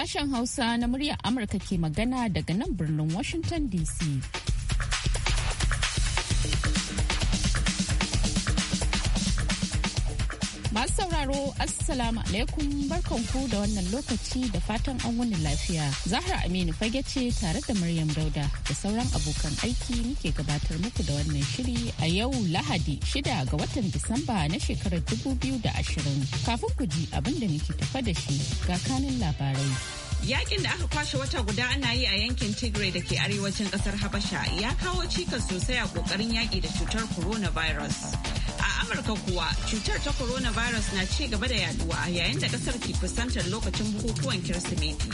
Sashen Hausa na muryar Amurka ke magana daga nan birnin Washington DC. Masu sauraro Assalamu alaikum barkanku da wannan lokaci da fatan an wuni lafiya. Zahra Aminu fage ce tare da Maryam Dauda da sauran abokan aiki muke gabatar muku da wannan shiri a yau Lahadi shida ga watan Disamba na shekarar 2020. Kafin ku ji abin da muke tafa da shi ga kanin labarai. Yakin da aka kwashe wata guda ana yi a yankin Tigray da ke arewacin kasar Habasha ya kawo cikas sosai a kokarin yaki da cutar coronavirus. A Amurka kuwa cutar ta coronavirus na ci gaba da yaduwa yayin da kasar ke kusantar lokacin bukukuwan Kirsimeti.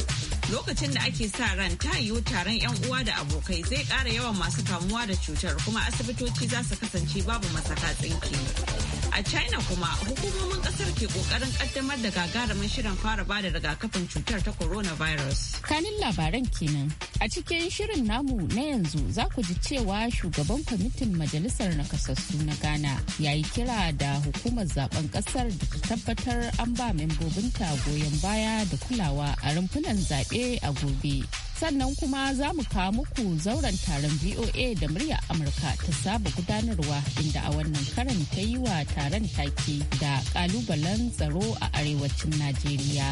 Lokacin da ake sa ran ta yiwu taron 'yan uwa da abokai zai ƙara yawan masu kamuwa da cutar kuma asibitoci za su kasance babu masaka tsinki. A China kuma hukumomin kasar ke kokarin kaddamar da gagarumin shirin fara bada rigakafin cutar ta coronavirus. Kanin labaran kenan. A cikin shirin namu na yanzu za ku ji cewa shugaban kwamitin majalisar nakasassu na Ghana ya yi kira da hukumar zaben kasar da ta tabbatar an ba membobinta goyon baya da kulawa a rumfunan zaɓe a gobe. sannan kuma za mu kawo muku zauren taron voa da murya amurka ta saba gudanarwa inda a wannan karan ta yi wa taron take da kalubalen tsaro a arewacin najeriya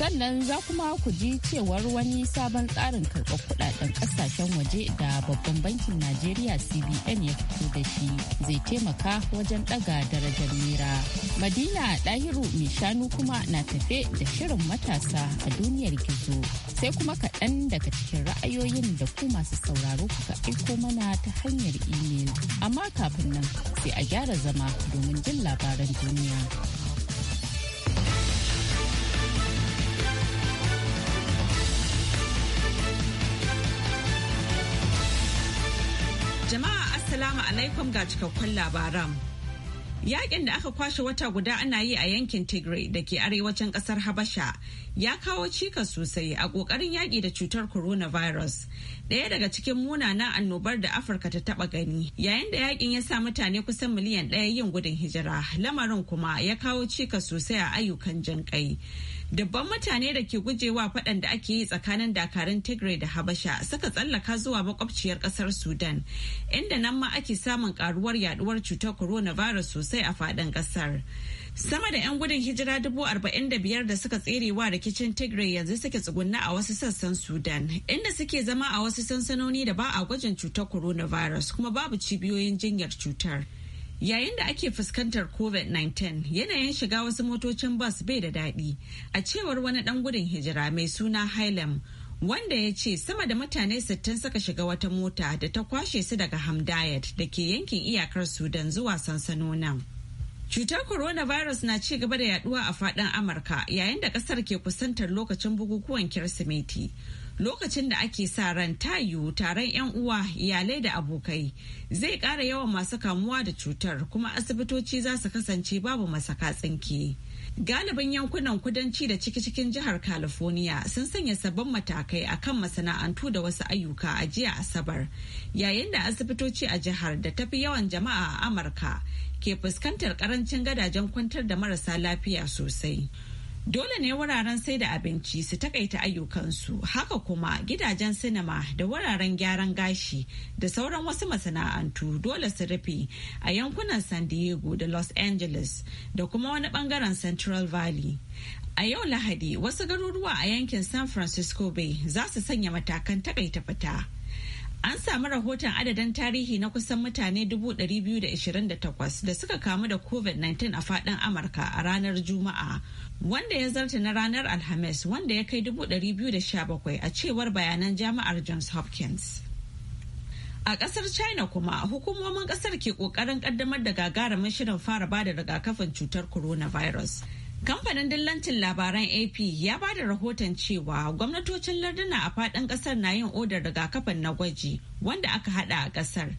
sannan za kuma ku ji cewar wani sabon tsarin karɓar kudaden ƙasashen waje da babban bankin najeriya cbn ya fito da shi zai taimaka wajen ɗaga darajar nera madina ɗahiru mai shanu kuma na tafe da shirin matasa a duniyar gizo sai kuma kaɗan da daga cikin ra'ayoyin da ku masu sauraro kuka aiko mana ta hanyar imel. Amma kafin nan sai a gyara zama domin jin labaran duniya. Jama'a Assalamu alaikum ga cikakkun labaran. Yakin da aka kwashe wata guda ana yi a yankin Tigray da ke arewacin kasar Habasha ya kawo cikas sosai a ƙoƙarin yaƙi da cutar coronavirus. Ɗaya daga cikin munanan annobar da Afirka ta taɓa gani yayin da yakin ya sa mutane kusan miliyan ɗaya yin gudun hijira lamarin kuma ya kawo cikas sosai a ayyukan jinƙai. Dubban mutane da ke gujewa faɗan da ake yi tsakanin dakarun Tigray da Habasha suka tsallaka zuwa makwabciyar ƙasar Sudan, inda nan ma ake samun ƙaruwar yaduwar cutar coronavirus sosai a faɗin ƙasar. Sama da 'yan gudun hijira dubu arba'in da biyar da suka tserewa rikicin Tigray yanzu suke tsugunna a wasu sassan Sudan, inda suke zama a wasu sansanoni da ba a gwajin cutar coronavirus kuma babu cibiyoyin jinyar cutar. Yayin da ake fuskantar COVID-19, yanayin shiga wasu motocin bas bai da daɗi, a cewar wani ɗan gudun hijira mai suna Hailem, wanda ya ce sama da mutane 60 suka shiga wata mota da ta kwashe su daga Hamdayat da ke yankin iyakar Sudan zuwa sansanonin. Cutar coronavirus na ci gaba da yaduwa a faɗin Amurka yayin da ƙasar ke kusantar lokacin bukukuwan Kirsimeti. lokacin da ake sa ran tayu taron 'yan uwa iyalai da abokai zai ƙara yawan masu kamuwa da cutar kuma asibitoci za su kasance babu masaka tsinki. Galibin yankunan kudanci da ciki-cikin jihar California sun sanya sabbin matakai a kan masana'antu da wasu ayyuka a jiya Asabar, yayin da asibitoci a jihar da tafi yawan jama'a a Amurka ke fuskantar karancin gadajen kwantar da marasa lafiya sosai. Dole ne wuraren sai da abinci su takaita ayyukansu haka kuma gidajen sinima da wuraren gyaran gashi da sauran wasu masana'antu dole su rufe a yankunan San Diego da Los Angeles da kuma wani bangaren Central Valley. A yau Lahadi wasu garuruwa a yankin San Francisco Bay za su sanya matakan takaita fita. An samu rahoton adadin tarihi na kusan mutane 228 da suka kamu da COVID-19 a fadin Amurka a ranar Juma'a, wanda ya zarta na ranar Alhamis wanda ya kai 217 a cewar bayanan jami'ar Johns Hopkins. A kasar China kuma hukumomin kasar ke kokarin kaddamar da gagarumin shirin fara bada rigakafin cutar coronavirus. Kamfanin dillancin labaran AP ya ba da rahoton cewa gwamnatocin larduna a faɗin ƙasar na yin odar rigakafin na gwaji wanda aka haɗa a ƙasar.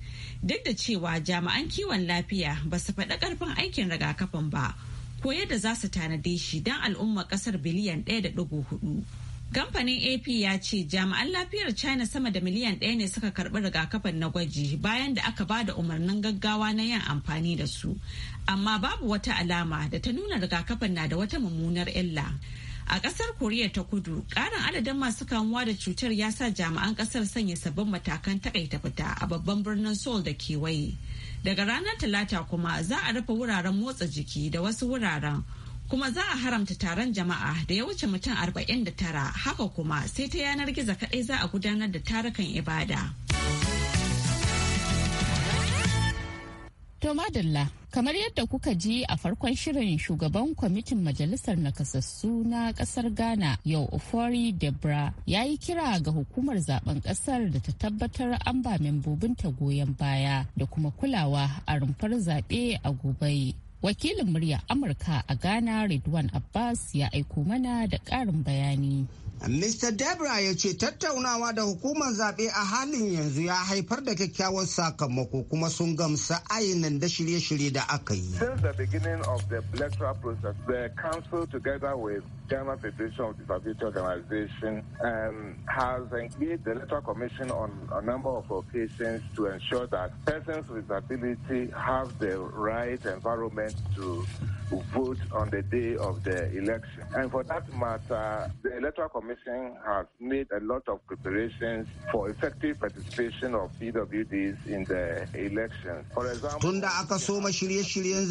Duk da cewa jami'an kiwon lafiya ba su faɗi ƙarfin aikin rigakafin ba, ko yadda za su tanade shi don al'umma ƙasar biliyan 1.4. Kamfanin AP ya ce jami'an lafiyar China sama da miliyan ɗaya ne suka karɓi rigakafin na gwaji bayan da aka ba da umarnin gaggawa na yin amfani da su. amma babu wata alama da ta nuna rigakafin na da wata mummunar illa. A ƙasar Koriya ta kudu, ƙarin adadin masu kamuwa da cutar ya sa jami'an ƙasar sanya sabbin matakan taƙaita fita a babban birnin Seoul da kewaye. Daga ranar Talata kuma za a rufe wuraren motsa jiki da wasu wuraren, kuma za a haramta taron jama'a da ya wuce mutum tara haka kuma sai ta yanar gizo kaɗai za a gudanar da tarukan ibada. To madalla Kamar yadda kuka ji a farkon shirin shugaban kwamitin majalisar nakasassu na kasar Ghana yau Ofori Debra ya yi kira ga hukumar zaben kasar da ta tabbatar an ba membobinta goyon baya da kuma kulawa a rumfar zaɓe a gobe. Wakilin murya Amurka a Ghana Ridwan Abbas ya aiko mana da ƙarin bayani. Mr. Debra ya ce tattaunawa da hukumar zaɓe a halin yanzu ya haifar da kyakkyawar sakamako kuma sun gamsa ayinan da shirye-shirye da aka yi. Since the beginning of the electoral process, the council together with German Federation of Disability Organization um, has engaged the Electoral Commission on a number of occasions to ensure that persons with disability have the right environment to vote on the day of the election. And for that matter, the Electoral Commission has made a lot of preparations for effective participation of PWDs in the election. For example, tunda aka soma shirye-shiryen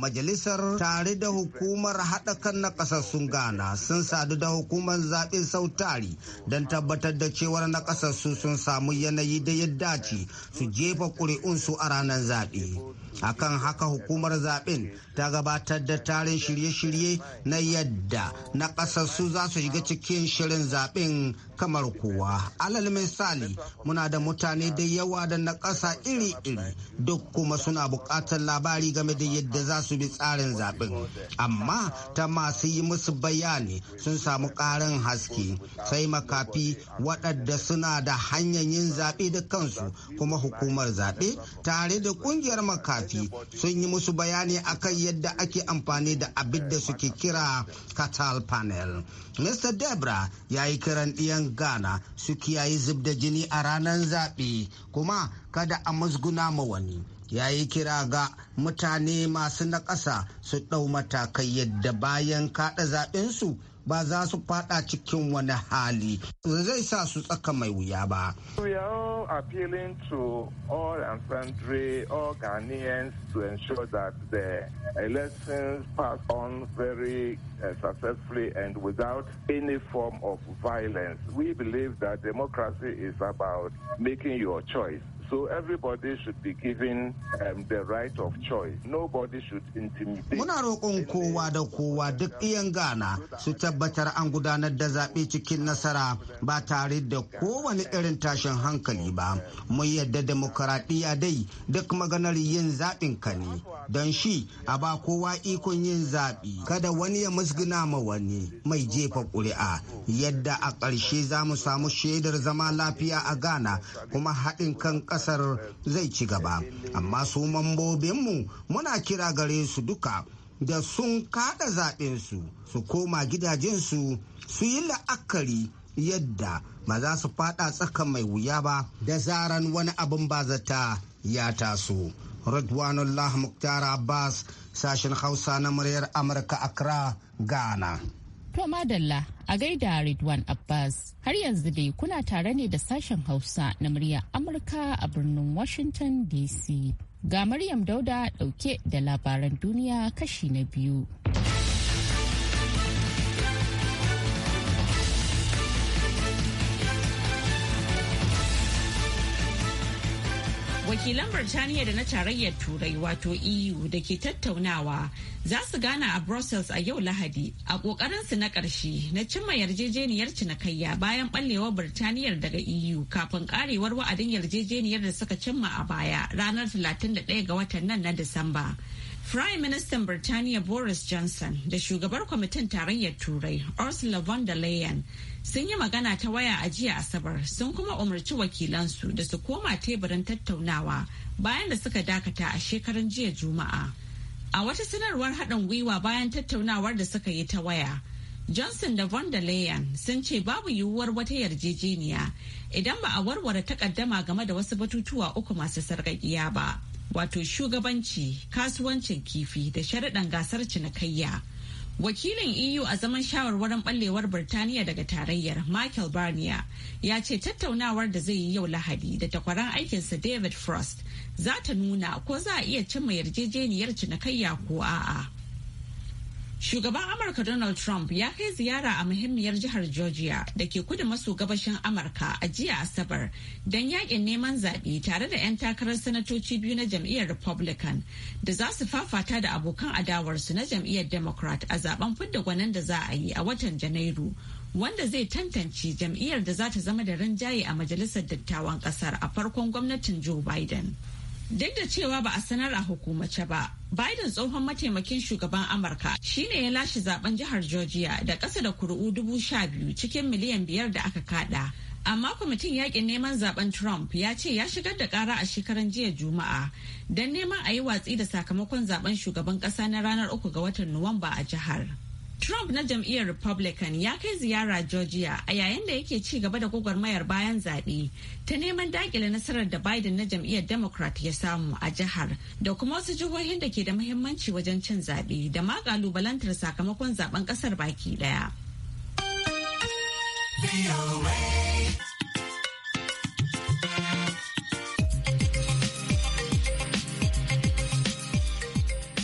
majalisar tare da hukumar haɗa kan na ƙasar sun murna sun sadu da hukumar zaɓe sautari don tabbatar da cewar na ƙasar su sun samu yanayi da ya dace su jefa ƙuri'unsu a ranar zaɓe. akan haka hukumar zaben ta gabatar da tarin shirye-shirye na yadda na su za su shiga cikin shirin zaben kamar kowa alal misali muna da mutane da yawa da na ƙasa iri-iri duk kuma suna buƙatar labari game da yadda za su bi tsarin zaben amma ta masu yi musu bayani sun samu ƙarin haske sai makafi waɗanda suna da hanyar yin zaɓe da kansu kuma hukumar zaɓe tare da ƙungiyar makafi gwamnati sun yi musu bayani akan yadda ake amfani da abin da suke kira catal panel mr debra ya yi kiran ɗiyan ghana su kiyaye zub da jini a ranar zaɓe kuma kada a musguna ma wani ya yi kira ga mutane masu na ƙasa su ɗau matakai yadda bayan kaɗa zaɓensu ba za su fada cikin wani hali zai sa su tsaka mai wuya ba. We are all appealing to all and sundry all Ghanaians to ensure that the elections pass on very uh, successfully and without any form of violence. We believe that democracy is about making your choice. So everybody should be given um, the right of choice. Nobody should intimidate. Muna roƙon kowa da kowa duk iyan gana su tabbatar an gudanar da zaɓe cikin nasara ba tare da kowane irin tashin hankali ba. Mun yadda demokaradiyya dai duk maganar yin zaɓin ka ne. don shi a ba kowa ikon yin zaɓi kada wani ya musguna ma wani mai jefa ƙuri'a yadda a ƙarshe za mu samu shaidar zama lafiya a ghana kuma haɗin kan ƙasar zai ci gaba amma su mambobinmu muna kira gare su duka da sun kaɗa zaɓinsu su koma gidajensu su yi la'akari yadda ba za su fada tsakan mai wuya ba da zaran wani abin ba zata, ya taso Radwanullah Muktar Abbas sashen Hausa na muryar Amurka Accra, Ghana. To Madalla a gaida Ridwan Abbas har yanzu dai kuna tare ne da sashen Hausa na muryar Amurka a birnin Washington DC. Ga Maryam Dauda dauke da labaran duniya kashi na biyu. wakilan Birtaniya da na tarayyar Turai wato EU da ke tattaunawa za su gana a Brussels a yau Lahadi a su na karshe na cimma yarjejeniyar cinikayya bayan ballewar Birtaniyar daga EU kafin karewar wa'adin yarjejeniyar da suka cimma a baya ranar 31 ga watan nan na Disamba. Prime Minister Birtaniya Boris Johnson da shugabar kwamitin tarayyar Turai Ursula von der Leyen sun yi magana ta waya a jiya asabar sun kuma umarci wakilansu da su koma teburin tattaunawa bayan da suka dakata a shekarun jiya juma'a a wata sanarwar haɗin gwiwa bayan tattaunawar da suka yi ta waya johnson da von der leyen sun ce babu yiwuwar wata yarjejeniya idan ba a warware takaddama game da wasu batutuwa uku masu sarƙaƙiya ba wato shugabanci kasuwancin kifi da sharaɗan gasar cinikayya. Wakilin EU a zaman shawarwarin ɓallewar Birtaniya daga tarayyar Michael Barnier ya ce tattaunawar da zai yi yau Lahadi da takwaran aikinsa David Frost za ta nuna ko za a iya cimma yarjejeniyar cinikayya ko a'a. Shugaban Amurka Donald Trump ya kai ziyara a muhimmiyar jihar Georgia da ke kudu maso gabashin Amurka a jiya Asabar don yakin neman zaɓe tare da 'yan takarar sanatoci biyu na jam'iyyar Republican da za su fafata da abokan adawarsu na jam'iyyar Democrat a zaben fidda gwanin da za a yi a watan Janairu wanda zai tantance jam'iyyar da za ta zama da rinjaye a majalisar dattawan ƙasar a farkon gwamnatin Joe Biden. Duk da cewa ba a sanar a hukumace ba, Biden tsohon mataimakin shugaban Amurka shine ya lashe zaben jihar Georgia da ƙasa da kuri'u dubu sha biyu cikin miliyan biyar da aka kada. Amma kwamitin yakin neman zaben Trump ya ce ya shigar da ƙara a shekaran jiya Juma'a don neman a yi watsi da sakamakon zaben shugaban ƙasa na ranar uku ga watan Nuwamba a jihar. Trump na jam'iyyar Republican ya kai ziyara Georgia a yayin da yake ci gaba da gwagwarmayar bayan zaɓe ta neman dakile nasarar da Biden na jam'iyyar Democrat ya samu a jihar da kuma wasu jihohin da ke da muhimmanci wajen cin zaɓe da ma ƙalubalantar sakamakon zaben ƙasar baki ɗaya.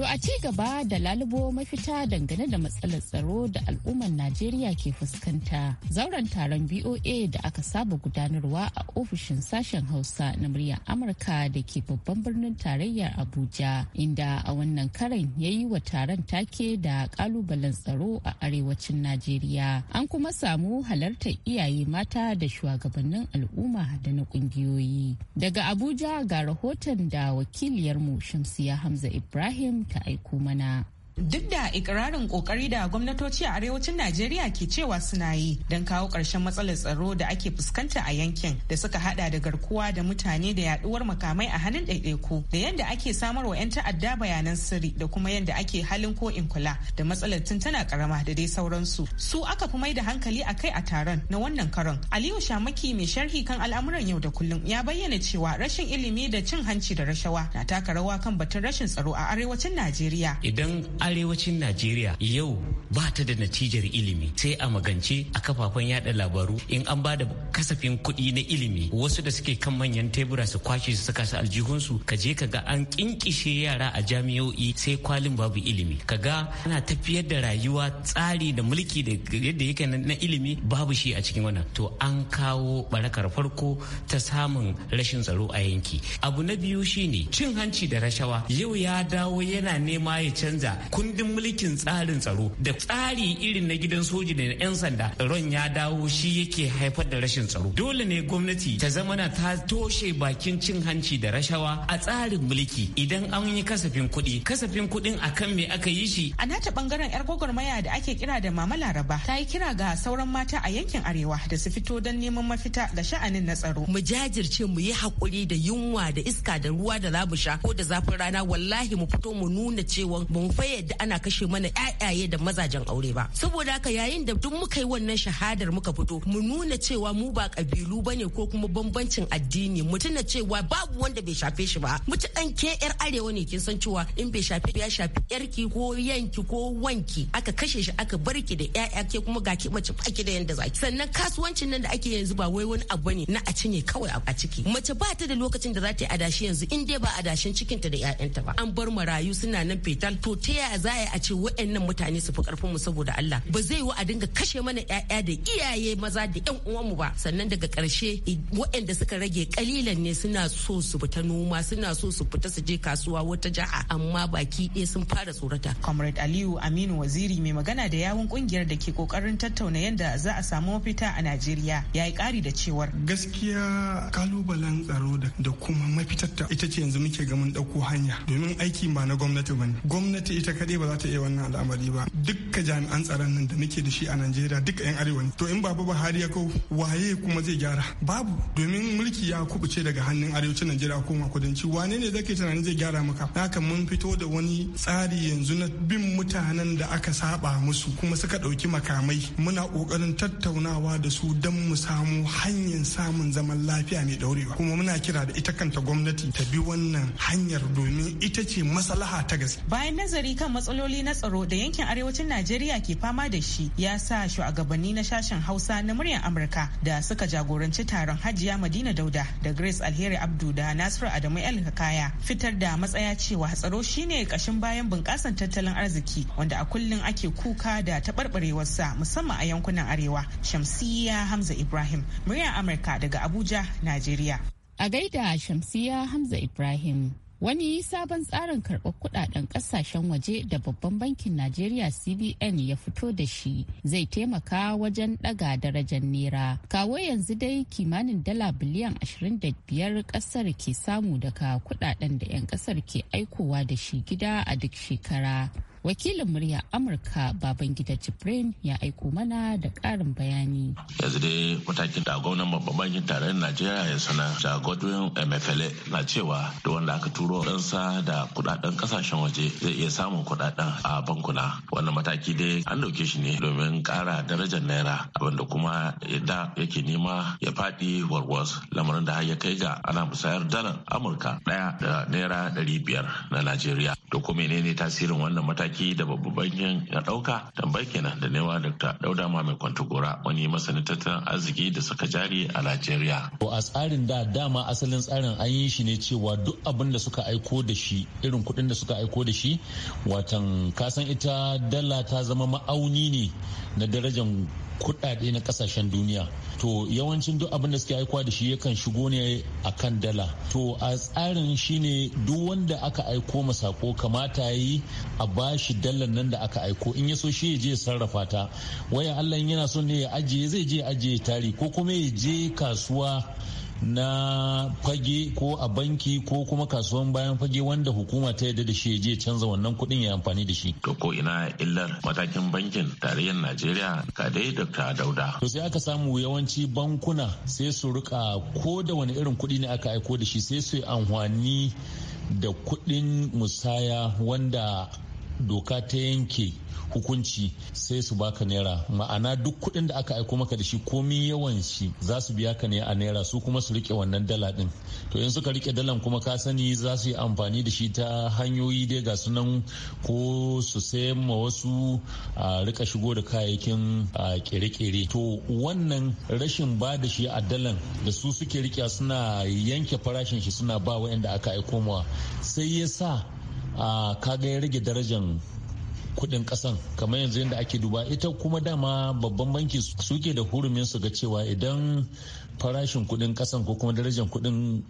To a ci gaba da lalubo mafita dangane da matsalar tsaro da al'ummar Najeriya ke fuskanta. Zauren taron BOA da aka saba gudanarwa a ofishin sashen Hausa na murya Amurka da ke babban birnin tarayyar Abuja, inda a wannan karan ya yi wa taron take da kalubalen tsaro a arewacin Najeriya. An kuma samu halartar iyaye mata da shugabannin al'umma da na kungiyoyi. Daga Abuja ga rahoton da wakiliyarmu Shamsiya Hamza Ibrahim ta aiko mana. duk da ikirarin kokari da gwamnatoci a arewacin najeriya ke cewa suna yi don kawo ƙarshen matsalar tsaro da ake fuskanta a yankin da suka hada da garkuwa da mutane da yaduwar makamai a hannun ɗaiɗaiku da yadda ake samar wa 'yan ta'adda bayanan sirri da kuma yadda ake halin ko in kula da matsalar tana karama da dai sauransu su aka fi mai da hankali a kai a taron na wannan karon aliyu shamaki mai sharhi kan al'amuran yau da kullum ya bayyana cewa rashin ilimi da cin hanci da rashawa na taka rawa kan batun rashin tsaro a arewacin najeriya idan arewacin najeriya yau ba ta da natijar ilimi sai a magance a kafafen yada labaru in an ba da kasafin kuɗi na ilimi wasu da suke kan manyan tebura su kwashe su saka su aljihunsu ka je ka ga an kinkishe yara a jami'o'i sai kwalin babu ilimi ka ga ana tafiyar da rayuwa tsari da mulki da yadda yake na ilimi babu shi a cikin wannan to an kawo barakar farko ta samun rashin tsaro a yanki abu na biyu shine cin hanci da rashawa yau ya dawo yana nema ya canza kundin mulkin tsarin tsaro da tsari irin na gidan soji da na 'yan sanda tsaron ya dawo shi yake haifar da rashin tsaro dole ne gwamnati ta zamana ta toshe bakin cin hanci da rashawa a tsarin mulki idan an yi kasafin kuɗi kasafin kuɗin akan me aka yi shi a nata bangaren yar gwagwarmaya da ake kira da mama laraba ta yi kira ga sauran mata a yankin arewa da su fito don neman mafita ga sha'anin na tsaro mu jajirce mu yi hakuri da yunwa da iska da ruwa da za sha ko da zafin rana wallahi mu fito mu nuna cewa mun faye yadda ana kashe mana ƴaƴaye da mazajen aure ba saboda haka yayin da duk muka yi wannan shahadar muka fito mu nuna cewa mu ba kabilu bane ko kuma bambancin addini mu tuna cewa babu wanda bai shafe shi ba mu dan ke yar arewa ne kin san cewa in bai shafe ya shafi yarki ko yanki ko wanki aka kashe shi aka barki da ƴaƴa ke kuma ga mace ba ki da yanda zaki sannan kasuwancin nan da ake yanzu ba wai wani abu ne na a cinye kawai a ciki mace ba ta da lokacin da za ta yi adashi yanzu in dai ba adashin cikinta da ƴaƴanta ba an bar marayu suna nan fetal to ta yaya za a ce wa'annan mutane su fi karfin mu saboda Allah ba zai yi a dinga kashe mana ƴaƴa da iyaye maza da ƴan uwanmu ba sannan daga ƙarshe wa'anda suka rage kalilan ne suna so su fita noma suna so su fita su je kasuwa wata jaha amma baki ɗaya sun fara tsorata. Comrade Aliyu Aminu Waziri mai magana da yawun kungiyar da ke kokarin tattauna yadda za a samu mafita a Najeriya ya yi ƙari da cewar. Gaskiya kalubalen tsaro da kuma mafitar ita ce yanzu muke gamin ɗauko hanya domin aiki ba na gwamnati ba ne. Gwamnati ita kadai ba za ta iya wannan al'amari ba dukka jami'an tsaron nan da nake da shi a najeriya duka yan arewa ne to in babu buhari ya kau waye kuma zai gyara babu domin mulki ya kubuce daga hannun arewacin najeriya ma kudanci wane ne zake tunanin zai gyara maka haka mun fito da wani tsari yanzu na bin mutanen da aka saba musu kuma suka dauki makamai muna kokarin tattaunawa da su don mu samu hanyar samun zaman lafiya mai daurewa kuma muna kira da ita kanta gwamnati ta bi wannan hanyar domin ita ce maslaha ta gaske bayan nazari kan Ƙananan matsaloli na tsaro da yankin arewacin Najeriya ke fama da shi ya sa shugabanni na sashen Hausa na muryar Amurka da suka jagoranci taron Hajiya Madina Dauda da Grace Alheri Abdu da Nasiru Adamu El Kaya fitar da matsaya cewa tsaro shine kashin bayan bunƙasar tattalin arziki wanda a kullum ake kuka da taɓarɓarewarsa musamman a yankunan arewa. Shamsiya Hamza Ibrahim, muryar Amurka daga Abuja, Najeriya. A gaida Shamsiya Hamza Ibrahim. wani sabon tsarin karɓar kuɗaɗen ƙasashen waje da babban bankin najeriya cbn ya fito da shi zai taimaka wajen ɗaga darajar nera. kawo yanzu dai kimanin dala biliyan 25 ƙasar ke samu daga kuɗaɗen da 'yan ƙasar ke aikowa da shi gida a duk shekara wakilin murya amurka baban gida jibrin ya aiko mana da karin bayani yanzu dai matakin da gwamnan babban bankin tarayyar najeriya ya sana da godwin emefele na cewa da wanda aka turo ɗansa da kudaden kasashen waje zai iya samun kudaden a bankuna wannan mataki dai an dauke shi ne domin kara darajar naira abinda kuma da yake nema ya fadi warwas lamarin da har ya kai ga ana musayar dalar amurka ɗaya da naira dari biyar na najeriya to ko menene tasirin wannan mataki mataki da babban bankin ya ɗauka tambayi kenan da newa Dr. Dauda mai Kwantagora wani masanin tattalin arziki da saka jari a Najeriya. To a tsarin da dama asalin tsarin an yi shi ne cewa duk abin da suka aiko da shi irin kuɗin da suka aiko da shi watan kasan ita dala ta zama ma'auni ne na darajar kuɗaɗe na ƙasashen duniya to yawancin duk abin da suke aikowa da shi yakan shigo ne a kan dala to a tsarin shine duk wanda aka aiko ma sako kamata yi a ba shi dalar nan da aka aiko in ya so shi ya je sarrafa ta waya allah yana so ne ya ajiye zai je ajiye tari ko kuma ya je kasuwa na fage ko a banki ko kuma kasuwan bayan fage wanda hukuma ta yadda da shi je canza wannan kuɗin ya amfani da shi. To ko ina illar matakin bankin tarayyar Najeriya ka dai Dr. Dauda. To sai aka samu yawanci bankuna sai su rika ko da wani irin kuɗi ne aka aiko da shi sai su yi amfani da kuɗin musaya wanda doka ta yanke hukunci sai su baka naira ma'ana duk kuɗin da aka aiko maka da shi komi yawan shi za su biya ka ne a naira su kuma su rike wannan dala din to in suka rike dalan kuma ka sani za su yi amfani da shi ta hanyoyi dai ga sunan ko su sayan ma wasu a rika shigo da kayayyakin kere-kere to wannan rashin ba da shi a dalan da su suke rike suna yanke farashin shi suna ba wa'anda aka aiko ma sai ya sa kaga ya rage darajan kuɗin ƙasan kamar yanzu yadda ake duba ita kuma dama babban banki suke da hurumin su ga cewa idan farashin kuɗin kasan ko kuma darajar kuɗin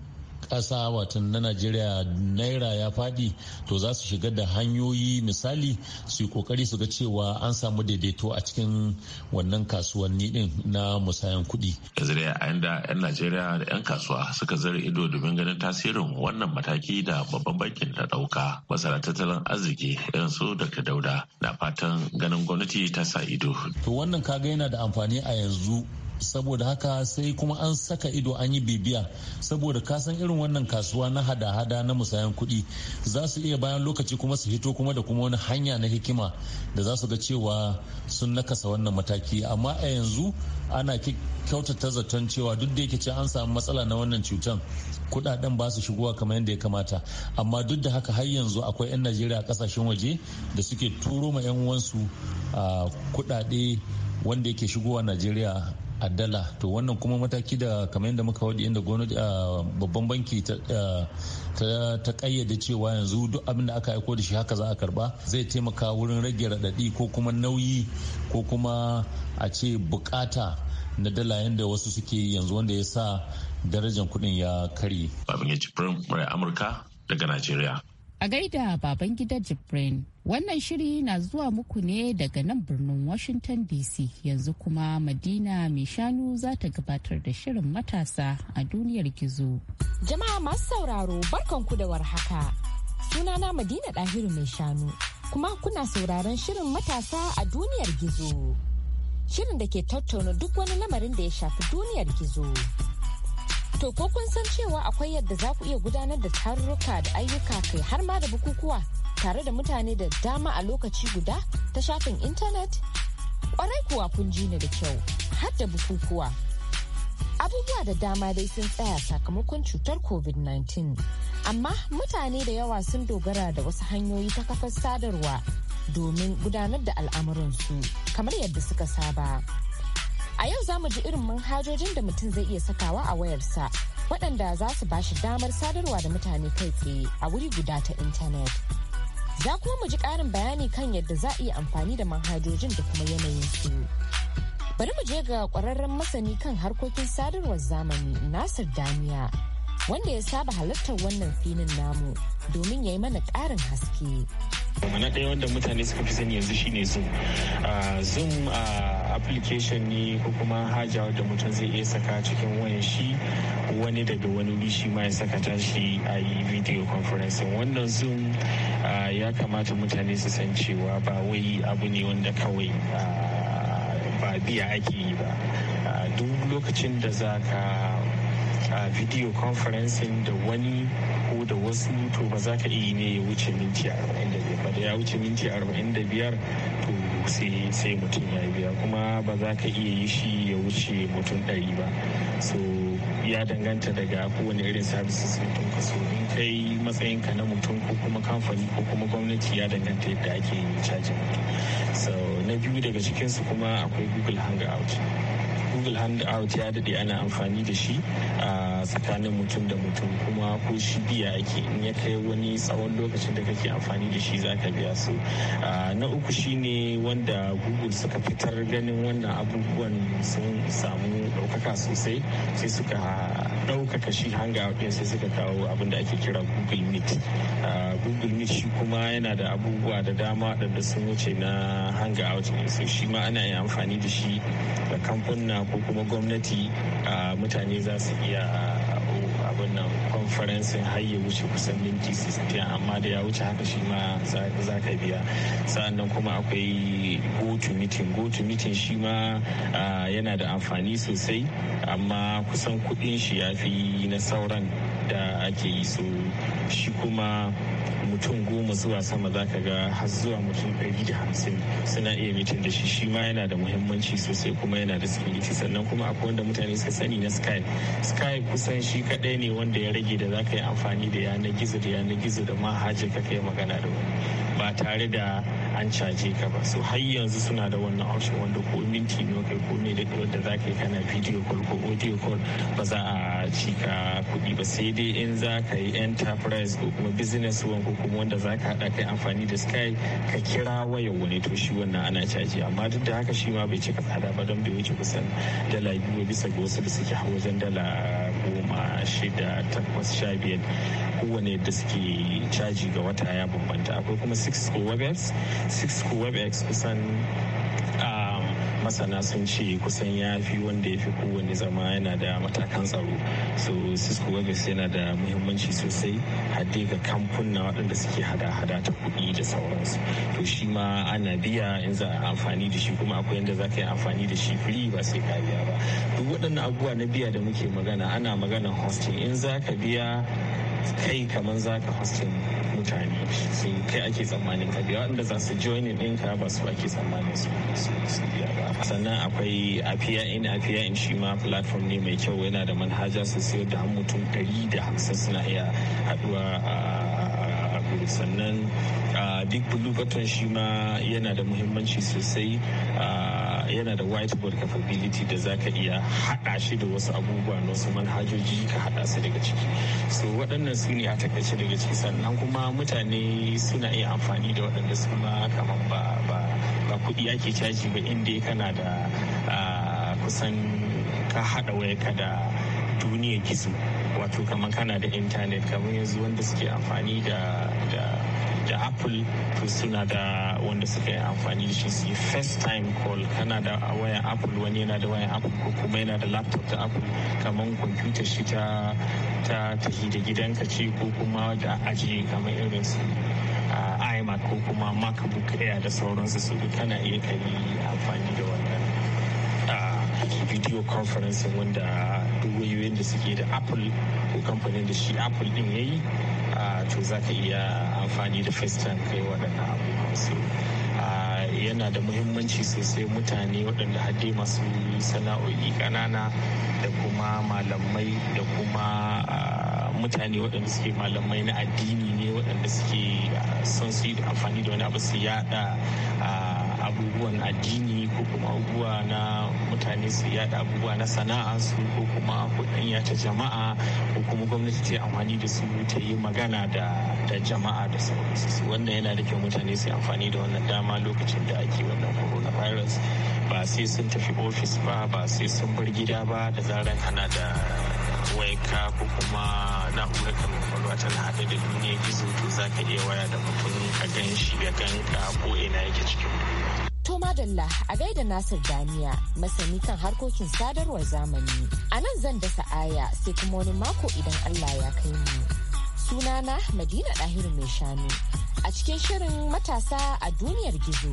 kasa wato na najeriya naira ya fadi to za su shiga da hanyoyi misali su yi kokari su ga cewa an samu daidaito a cikin wannan kasuwanni din na musayan kudi. yanzu a 'yan najeriya da 'yan kasuwa suka zara ido domin ganin tasirin wannan mataki da babban bankin da dauka masana tattalin arziki irin su daga dauda na fatan ganin gwamnati ta sa ido. to wannan kaga yana da amfani a yanzu saboda haka sai kuma an saka ido an yi bibiya saboda kasan irin wannan kasuwa na hada-hada na musayan kuɗi za su iya bayan lokaci kuma su hito kuma da kuma wani hanya na hikima da za su ga cewa sun nakasa wannan mataki amma a yanzu ana kyautata zaton cewa duk da yake ce an samu matsala na wannan cutan kudaden ba su shigowa kamar yadda ya kamata amma duk da haka har yanzu akwai 'yan najeriya a kasashen waje da suke turo ma 'yan uwansu ah, kudade wanda yake shigowa najeriya a dala to wannan kuma mataki da kamar yadda muka wadi inda gwamnati a babban banki ta kayyade cewa yanzu duk abin da aka aiko da shi haka za a karba zai taimaka wurin rage raɗaɗi ko kuma nauyi ko kuma a ce bukata na dala yadda wasu suke yanzu wanda ya sa darajan kuɗin ya karye. Babin Amurka daga Najeriya. A gaida baban gida Jibrin, wannan shiri na zuwa muku ne daga nan birnin Washington DC yanzu kuma Madina mai shanu za ta gabatar da shirin matasa a duniyar gizo. Jama'a masu sauraro barkanku da warhaka. Sunana Madina Ɗahiru mai shanu, kuma kuna sauraron shirin matasa a duniyar gizo. Shirin da ke tattauna duk wani lamarin da ya shafi duniyar gizo. To ko kun san cewa akwai yadda za ku iya gudanar da tarurruka da ayyuka kai har ma da bukukuwa tare da mutane da dama a lokaci guda ta shafin intanet? Kwarai kuwa kun ji ni da kyau, har da bukukuwa. Abubuwa da dama dai sun tsaya sakamakon cutar COVID-19. Amma mutane da yawa sun dogara da wasu hanyoyi ta kafar sadarwa domin gudanar da al'amuransu kamar yadda suka saba. A yau za mu ji irin manhajojin da mutum zai iya sakawa a wayarsa waɗanda za su ba shi damar sadarwa da mutane kai tsaye a wuri guda ta intanet. Za kuma mu ji ƙarin bayani kan yadda za a iya amfani da manhajojin da kuma yanayin su. Bari mu je ga ƙwararren masani kan harkokin sadarwar zamani Nasir Damiya. wanda ya saba halartar wannan filin namu domin ya yi mana ƙarin haske. na ɗaya wanda mutane suka fi sani yanzu shine zoom ah, zoom ah, application ne ko kuma haja wadda mutum zai iya saka cikin wayan shi wani daga wani wuri shi ma ya saka tashi a yi video conferencing wannan zoom ah, ya kamata mutane su san cewa ba wai abu ne wanda kawai ba biya ake yi ba duk lokacin da za ka a video conferencing da wani ko da wasu to ba za ka iya ne ya wuce minti 45 ba da ya wuce minti 45 to sai mutum ya biya kuma ba za ka iya yi shi ya wuce mutum 100 ba so ya danganta daga kowane irin services mutum ka so in kai matsayinka na mutum ko kuma kamfani ko kuma gwamnati ya danganta yadda ake cajin mutum so na biyu daga cikinsu kuma akwai google hangout google hangout ya daɗe ana amfani da shi a tsakanin mutum da mutum kuma ko shi biya ake in ya kai wani tsawon lokacin da kake amfani da shi za ka biya su na uku shine wanda google suka fitar ganin wannan abubuwan sun samu ɗaukaka sosai sai suka ɗaukaka shi hanga ɗin sai suka kawo abin da ake kira google meet ah, google meet shi kuma yana da abubuwa da dama waɗanda sun wuce na hangout so shi ma ana yin amfani da shi da kamfuna ko kuma gwamnati ah, mutane za su iya wannan conferencing har ya wuce kusan minti 60 amma da ya wuce haka shi ma za ka biya nan kuma akwai go to meeting go shi ma ah, yana da amfani sosai amma kusan kudin shi ya fi na sauran da ake yi so shi kuma mutum goma zuwa sama za ka ga har zuwa mutum ɗari da hamsin suna iya mitin da shi shi ma yana da muhimmanci sosai kuma yana da security sannan kuma akwai wanda mutane suka sani na skype skype kusan shi kaɗai ne wanda ya rage da za ka yi amfani da yanar gizo da yanar gizo da manhajar ka kai magana da wani ba tare da an caje ka ba so har yanzu suna da wannan option wanda ko minti ne kai ko ne da wanda za ka yi kana video call ko audio call ba za a a cika kuɗi ba sai dai in za ka yi enterprise ko kuma business wan ko kuma wanda za ka haɗa kai amfani da sky ka kira wayar wani to shi wannan ana caji amma duk da haka shi ma bai cika tsada ba don bai wuce kusan dala biyu bisa ga wasu da suke hawa wajen dala goma shida takwas sha biyar kowane da suke caji ga wata ya bambanta akwai kuma six ko webex six ko webex kusan a masana sun ce kusan ya fi wanda ya fi kowanne zama yana da matakan tsaro so cisco webex yana da muhimmanci sosai hadde ga kamfuna waɗanda suke hada-hada ta kuɗi da sauransu to shi ma ana biya in za a amfani da shi kuma akwai yadda za ka yi amfani da shi free ba sai ka biya ba duk waɗannan abubuwa na biya da muke magana ana magana hosting in za ka biya kai kamar za ka hosting mutane sun kai ake tsammanin ka waɗanda za su joinin ɗinka ba su ake tsammanin su biya ba sannan akwai afiya in afiya in shi ma platform ne mai kyau yana da manhaja su sayar da mutum ɗari da hamsin suna iya haɗuwa a sannan a duk button shi ma yana da muhimmanci sosai yana da whiteboard capability da za ka iya haɗa shi da wasu abubuwa na wasu manhajoji ka haɗa su daga ciki so waɗannan su ne a takaice daga ciki sannan kuma mutane suna iya amfani da waɗanda su ma kamar ba ba ba kuɗi ake caji ba inda kana da kusan ka haɗa wayarka da duniya gizo wato kamar kana da intanet kamar yanzu wanda suke amfani da da apple to suna da wanda suka yi amfani da shi su yi first time call kana da wayan apple wani yana da wayan apple ko kuma yana da laptop da apple kamar kwamfuta shi ta ta tafi da gidanka ce ko kuma da ajiye kamar irin su ah, imac ko kuma macbook air da sauransu su kana iya kari amfani da wannan ah, video conferencing wanda duk wayoyin da suke da apple ko kamfanin da shi apple din ya yi to za ka iya amfani da fistan kai waɗannan abubuwan su yana da muhimmanci sosai mutane waɗanda hadde masu sana'o'i ƙanana da kuma malamai da kuma mutane waɗanda suke malamai na addini ne waɗanda suke son su yi amfani da wani abu su yada abubuwan addini ko kuma abubuwa na mutane su yada abubuwa na sana'a su ko kuma kudin ta jama'a ko kuma gwamnati ta yi amfani da su ta yi magana da da jama'a da sauransu wannan yana da kyau mutane su amfani da wannan dama lokacin da ake wannan coronavirus ba sai sun tafi ofis ba ba sai sun bar gida ba da zaran ana da wayarka ko kuma na'urar ka kwakwalwa tana haɗe da duniyar gizo to za ka iya waya da mutum ka gan shi ya ganka ko ina yake cikin To madalla a gaida Nasir Daniya masani kan harkokin sadarwar zamani. A nan zan dasa aya sai kuma wani mako idan Allah ya kai mu. Sunana Madina Ɗahiru Mai Shanu a cikin shirin matasa a duniyar gizo.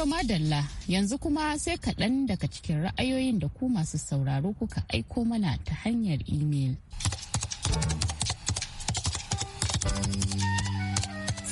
To madalla yanzu kuma sai kaɗan daga cikin ra'ayoyin da ku masu sauraro kuka aiko mana ta hanyar imel.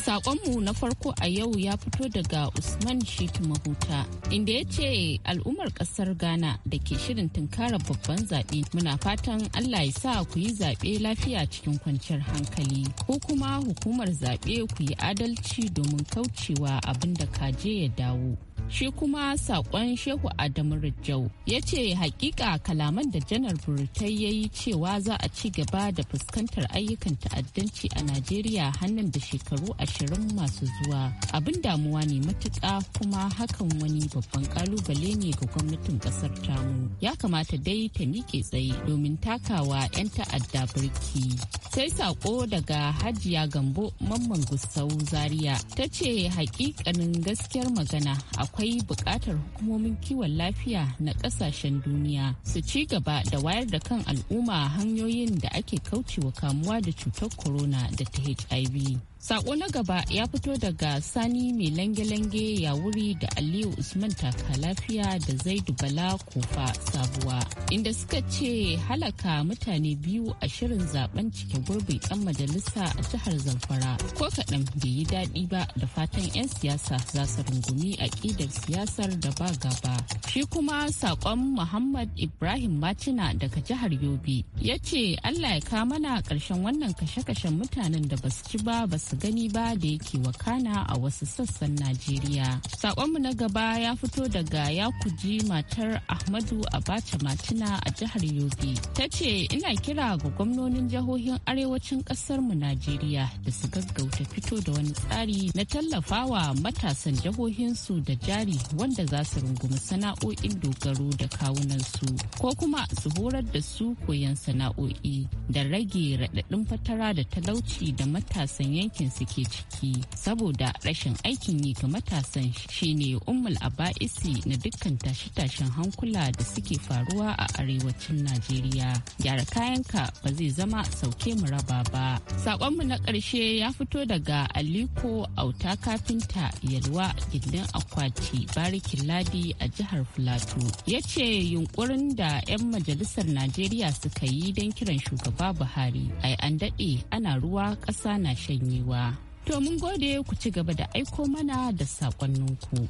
Sakonmu na farko a yau ya fito daga Usman Shitu Mahuta, inda ya ce al'ummar kasar Ghana da ke shirin tunkara babban zaɓe muna fatan Allah ya sa ku yi zaɓe lafiya cikin kwanciyar hankali, ko kuma hukumar zaɓe ku yi adalci domin kaucewa abin da kaje ya dawo. shi kuma saƙon shehu adamu rijau ya ce hakika kalaman da janar burtai ya yi cewa za a ci gaba da fuskantar ayyukan ta'addanci a najeriya hannun da shekaru ashirin masu zuwa abin damuwa ne matuƙa kuma hakan wani babban ƙalubale ne ga gwamnatin ƙasar tamu ya kamata dai ta miƙe tsaye domin takawa 'yan ta'adda birki sai sako daga hajiya gambo mamman gusau zaria ta ce hakikanin gaskiyar magana akwai bukatar hukumomin kiwon lafiya na kasashen duniya su ci gaba da wayar da kan al'umma hanyoyin da ake kaucewa kamuwa da cutar corona da ta hiv Sako na gaba ya fito daga Sani mai lange-lange ya wuri da Aliyu Usman taka lafiya da Zaidu Bala Kofa Sabuwa, inda suka ce halaka mutane biyu a shirin zaben cike gurbi 'yan majalisa a jihar Zamfara. Ko kaɗan bai yi daɗi ba da fatan 'yan siyasa za su rungumi a ƙidar siyasar da ba gaba. Shi kuma sakon Muhammad Ibrahim Macina daga jihar Yobe ya ce Allah ya kamana ƙarshen wannan kashe-kashen mutanen da basu ci ba basu su gani ba da yake wakana a wasu sassan Najeriya. saƙonmu na gaba ya fito daga ya kuji matar Ahmadu Abacha Matina a jihar Yobe. Ta ce ina kira ga gwamnonin jihohin arewacin ƙasarmu Najeriya da su gaggauta fito da wani tsari na tallafawa matasan jihohinsu da jari wanda za su rungumi sana'o'in dogaro da kawunansu ko kuma su horar da su koyan sana'o'i da rage raɗaɗin fatara da talauci da matasan yanki. aikin su ciki saboda rashin aikin yi ga matasan shine ummul aba'isi na dukkan tashe-tashen hankula da suke faruwa a arewacin najeriya gyara kayanka ba zai zama sauke mu raba ba saƙonmu na ƙarshe ya fito daga aliko auta kafinta yalwa gindin akwati barikin ladi a jihar filato ya ce yunkurin da 'yan majalisar najeriya suka yi don kiran shugaba buhari ai an daɗe ana ruwa ƙasa na shanyewa rayuwa. To mun gode ku ci gaba da aiko mana da saƙonninku.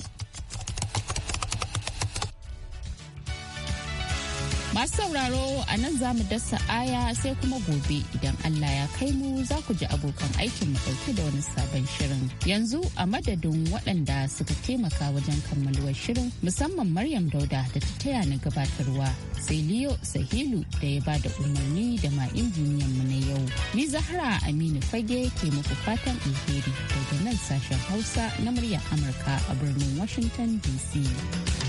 Masu sauraro a nan za mu dasa aya sai kuma gobe idan Allah ya kai mu za ku ji abokan aikin mu ɗauke da wani sabon shirin. Yanzu a madadin waɗanda suka taimaka wajen kammaluwar shirin musamman Maryam Dauda da ta taya na gabatarwa sai Leo Sahilu da ya ba da umarni da ma injiniyan mu na yau. Ni Zahra Aminu Fage ke muku fatan alheri daga nan sashen Hausa na muryar Amurka a birnin Washington DC.